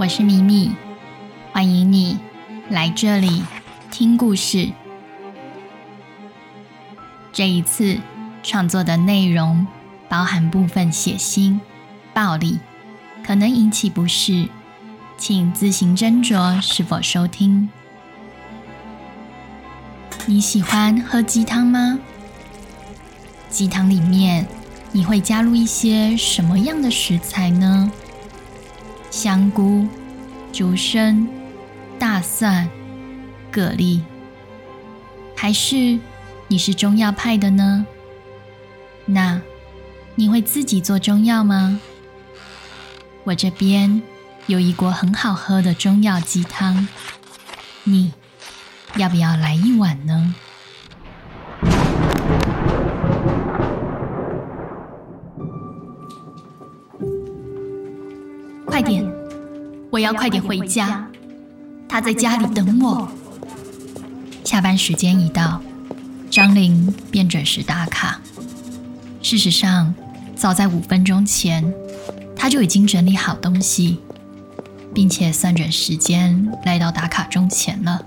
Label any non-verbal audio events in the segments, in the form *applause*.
我是咪咪，歡迎你來這裡聽故事。這一次創作的內容包含部分血腥、暴力，可能引起不適，請自行斟酌是否收聽。你喜歡喝雞湯嗎？雞湯裡面，你會加入一些什麼樣的食材呢？香菇、竹笙、大蒜、蛤蜊，還是你是中藥派的呢？那，你會自己做中藥嗎？我這邊有一鍋很好喝的中藥雞湯，你要不要來一碗呢？快點，我要快點回家。回家他在家裡等我。等我下班時間一到，嗯、張玲便準時打卡。事實上，早在五分鐘前，他就已經整理好東西，並且算準時間來到打卡鐘前了。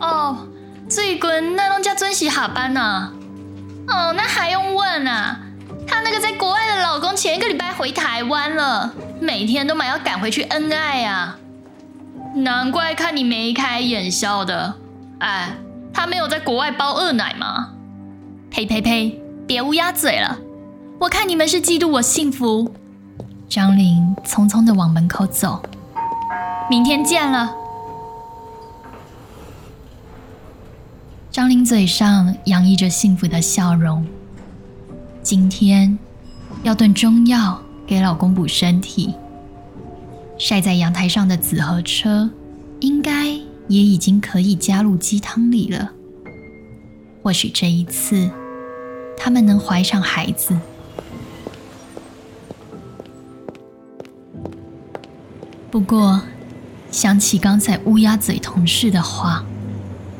哦，最貴那農家準時下班呢、啊？哦，那還用問啊？她那個在國外的老公前一個禮拜回台灣了，每天都蠻要趕回去恩愛啊，難怪看你眉開眼笑的。哎，她沒有在國外包二奶嗎？呸呸呸，別烏鴉嘴了！我看你們是嫉妒我幸福。張玲匆匆的往門口走，明天見了。張玲嘴上洋溢着幸福的笑容。今天要燉中藥給老公補身體。曬在陽台上的紫河車，應該也已經可以加入雞湯裡了。或許這一次，他們能懷上孩子。不過，想起剛才烏鴉嘴同事的話，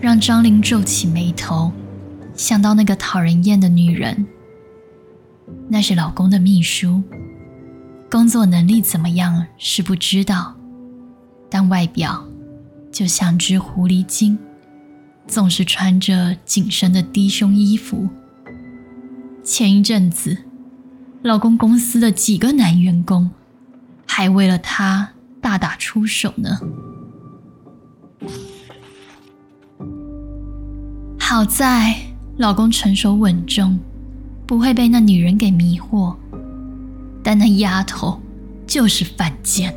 讓張玲皺起眉頭，想到那個討人厭的女人。那是老公的秘書，工作能力怎麼樣是不知道，但外表就像隻狐狸精，總是穿着緊身的低胸衣服。前一陣子，老公公司的幾個男員工還為了她大打出手呢。好在老公成熟穩重。不會被那女人給迷惑，但那丫頭就是犯賤，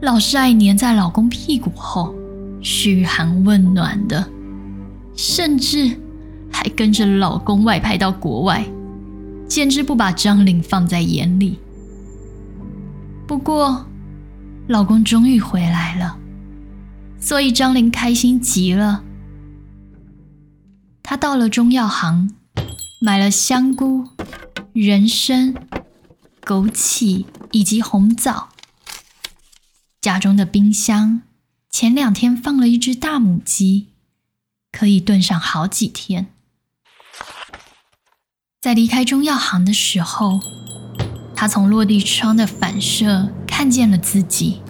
老是愛黏在老公屁股後噓寒問暖的，甚至還跟着老公外派到國外，簡直不把張玲放在眼裡。不過，老公終於回來了，所以張玲開心極了。她到了中藥行。買了香菇、人參、枸杞以及紅棗。家中的冰箱前兩天放了一隻大母雞，可以燉上好幾天。在離開中藥行的時候，他從落地窗的反射看見了自己。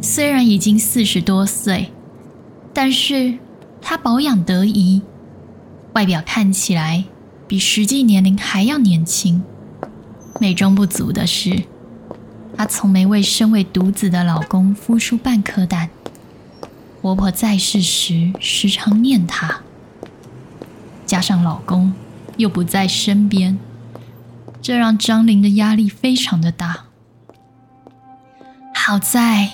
雖然已經四十多歲，但是他保養得宜。外表看起來比實際年齡還要年輕，美中不足的是，她從沒為身為獨子的老公孵出半顆蛋。婆婆在世時時常念她，加上老公又不在身邊，這讓張玲的壓力非常的大。好在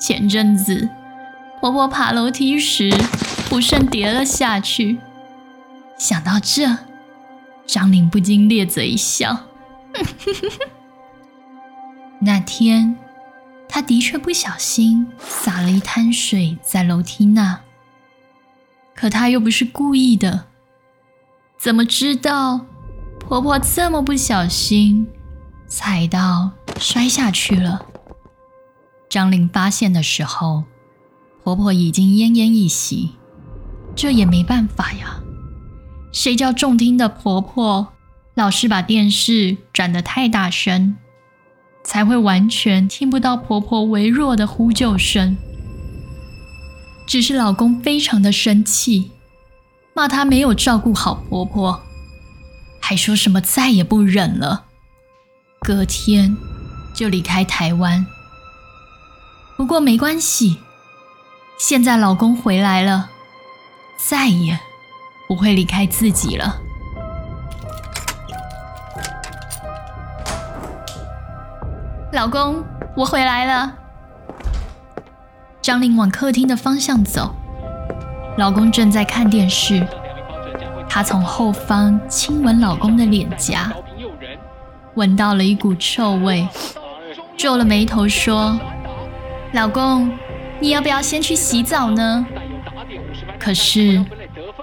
前陣子婆婆爬樓梯時不慎跌了下去。想到這，張玲不禁咧嘴一笑。 *laughs* 那天，她的確不小心灑了一灘水在樓梯那，可她又不是故意的，怎麼知道婆婆這麼不小心踩到摔下去了？張玲發現的時候，婆婆已經奄奄一息，這也沒辦法呀。誰叫重聽的婆婆老是把電視轉得太大聲，才會完全聽不到婆婆微弱的呼救聲。只是老公非常的生氣，罵她沒有照顧好婆婆，還說什麼再也不忍了，隔天就離開台灣。不過沒關係，現在老公回來了，再也。不會離開自己了，老公，我回來了。張玲往客廳的方向走，老公正在看電視。她從後方親吻老公的臉頰，聞到了一股臭味，皺了眉頭說：“老公，你要不要先去洗澡呢？”可是……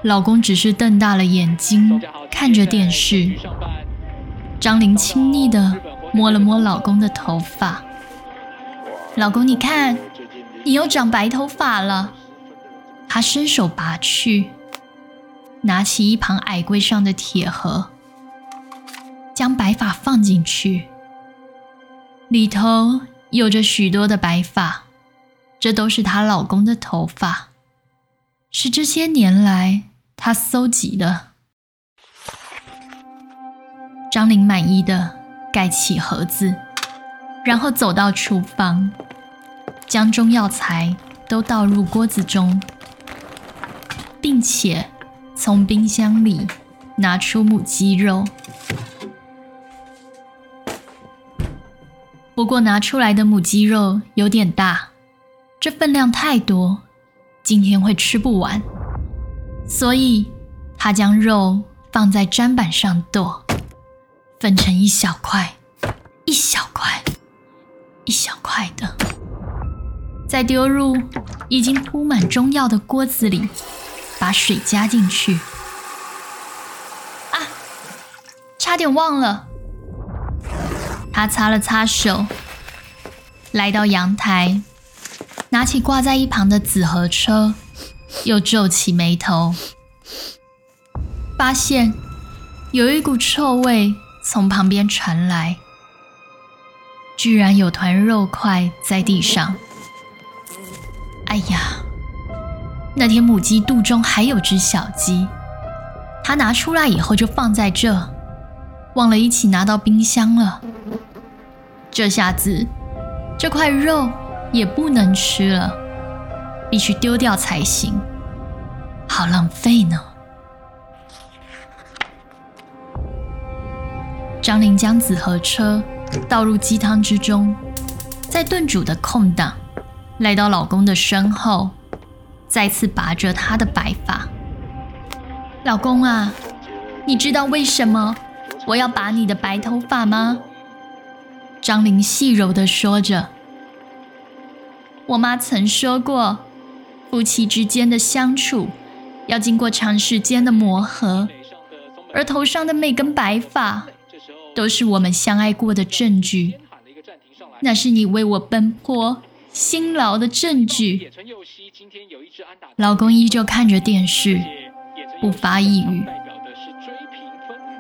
老公只是瞪大了眼睛看着電視。張玲親暱地摸了摸老公的頭髮：“老公，你看，你又長白頭髮了。”她伸手拔去，拿起一旁矮櫃上的鐵盒，將白髮放進去，裡頭有着許多的白髮，這都是她老公的頭髮，是這些年來。他搜集了。張玲滿意地蓋起盒子，然後走到廚房，將中藥材都倒入鍋子中，並且從冰箱裡拿出母雞肉。不過拿出來的母雞肉有點大，這份量太多，今天會吃不完。所以，他將肉放在砧板上剁，分成一小塊、一小塊、一小塊的，再丟入已經鋪滿中藥的鍋子裡，把水加進去。啊，差點忘了，他擦了擦手，來到陽台，拿起掛在一旁的紙盒車。又皺起眉頭，發現有一股臭味從旁邊傳來，居然有團肉塊在地上。哎呀，那天母雞肚中還有隻小雞，它拿出來以後就放在這，忘了一起拿到冰箱了。這下子，這塊肉也不能吃了。必須丟掉才行，好浪費呢。張玲將紫河車倒入雞湯之中，在燉煮的空檔，來到老公的身後，再次拔着他的白髮。老公啊，你知道為什麼我要拔你的白頭髮嗎？張玲細柔地說着，我媽曾說過，夫妻之間的相處，要經過長時間的磨合，而頭上的每根白髮，都是我們相愛過的證據。那是你為我奔波辛勞的證據。老公依舊看着電視，不發一語。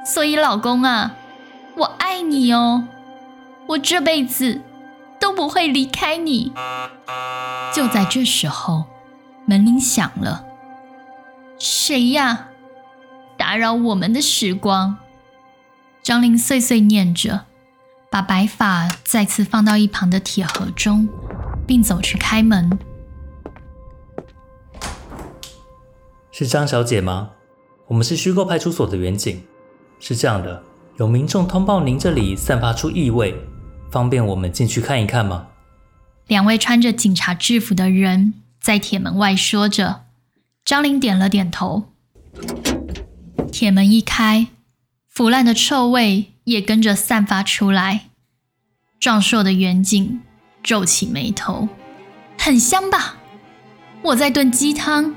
所以老公啊，我愛你哦，我這輩子都不會離開你。就在這時候。門鈴響了，誰呀、啊？打擾我們的時光。張玲碎碎念着，把白髮再次放到一旁的鐵盒中，並走去開門。是張小姐嗎？我們是虛構派出所的員警。是這樣的，有民眾通報您這裡散發出異味，方便我們進去看一看嗎？兩位穿着警察制服的人。在鐵門外說着，張玲點了點頭。鐵門一開，腐爛的臭味也跟着散發出來。壯碩的袁靜皺起眉頭：“很香吧？我在燉雞湯。”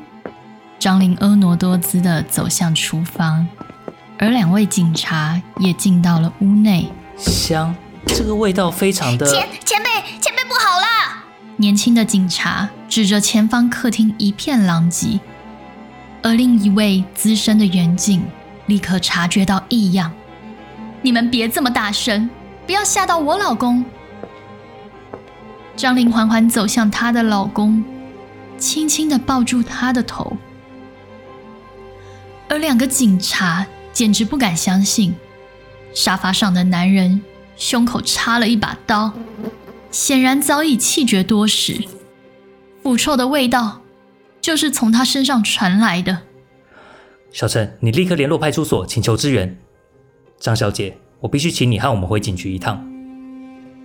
張玲婀娜多姿地走向廚房，而兩位警察也進到了屋內。香，這個味道非常的。前前輩前輩不好啦。年輕的警察指着前方客廳一片狼藉，而另一位資深的員警立刻察覺到異樣。你們別這麼大聲，不要嚇到我老公。張玲緩緩走向她的老公，輕輕的抱住他的頭。而兩個警察簡直不敢相信，沙發上的男人胸口插了一把刀。顯然早已氣絕多時，腐臭的味道就是從他身上傳來的。小陳，你立刻聯絡派出所請求支援。張小姐，我必須請你和我們回警局一趟。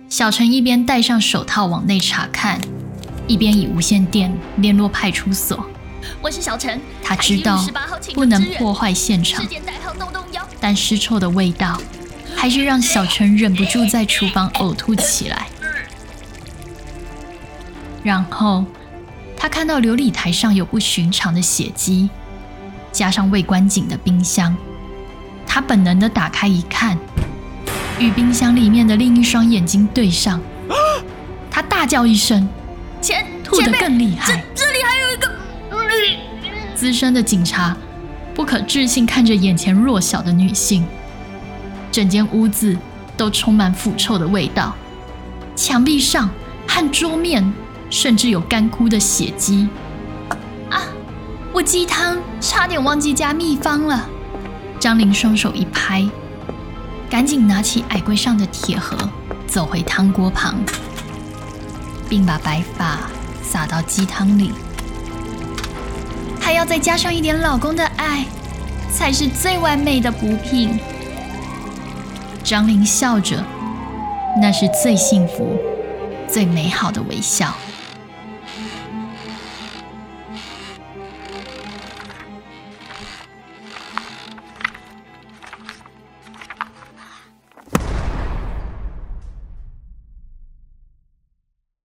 小陳一邊戴上手套往內查看，一邊以無線電聯絡派出所。我是小陳。他知道不能破壞現場，弄弄但屍臭的味道還是讓小陳忍不住在廚房嘔吐起來。 *coughs* 然後，他看到流理臺上有不尋常的血跡，加上未關緊的冰箱，他本能的打開一看，與冰箱裡面的另一雙眼睛對上，他大叫一聲：“錢吐得更厲害！”這這裡還有一個女。呃、資深的警察，不可置信看着眼前弱小的女性，整間屋子都充滿腐臭的味道，牆壁上和桌面。甚至有乾枯的血跡。啊，我雞湯差點忘記加秘方了。張玲雙手一拍，趕緊拿起矮櫃上的鐵盒，走回湯鍋旁，並把白髮撒到雞湯裡。還要再加上一點老公的愛，才是最完美的補品。張玲笑着，那是最幸福、最美好的微笑。